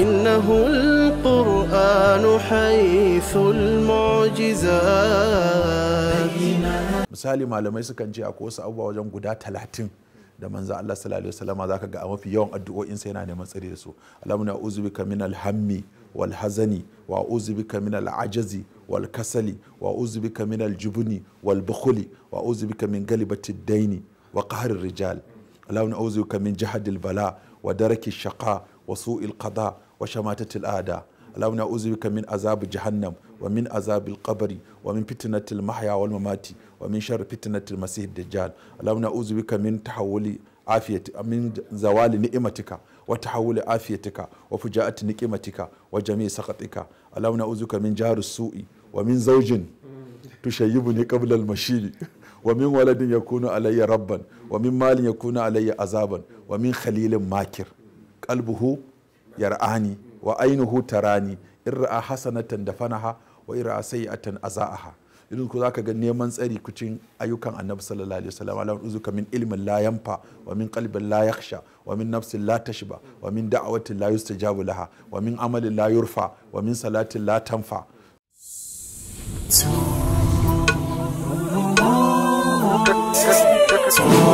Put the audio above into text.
إنه القرآن حيث المعجزات misali malamai sukan ce akwai wasu abubuwa wajen guda talatin da manzo Allah sallallahu alaihi wasallam zaka ga a mafi yawan addu'o'in sai yana neman tsare da su Allahumma a'udhu bika min Alhammi hammi wal hazani wa a'udhu bika min al-ajazi wal kasali wa a'udhu bika min al-jubni wal bukhli wa a'udhu bika min galibati daini wa qahri rijal Allahumma a'udhu bika min jahdi al-bala wa daraki shaqa wa su'il qada wa shamatatil ada اللهم نعوذ بك من عذاب جهنم ومن عذاب القبر ومن فتنة المحيا والممات ومن شر فتنة المسيح الدجال اللهم نعوذ بك من تحول عافية من زوال نعمتك وتحول عافيتك وفجاءة نقمتك وجميع سخطك اللهم نعوذ بك من جار السوء ومن زوج تشيبني قبل المشي ومن ولد يكون علي ربا ومن مال يكون علي عذابا ومن خليل ماكر qalbuhu yar'ani wa ainihu tarani in ra'a hasanatan dafanaha wa in ra'a sayi'atan aza'aha idan ku zaka ga neman tsari kucin ayyukan annabi sallallahu alaihi wasallam ala uzuka min ilmin la yanfa wa min qalbin la yakhsha wa min nafsin la tashba wa min da'awatin la yustajabu laha wa min amalin la yurfa wa min salatin la tanfa Oh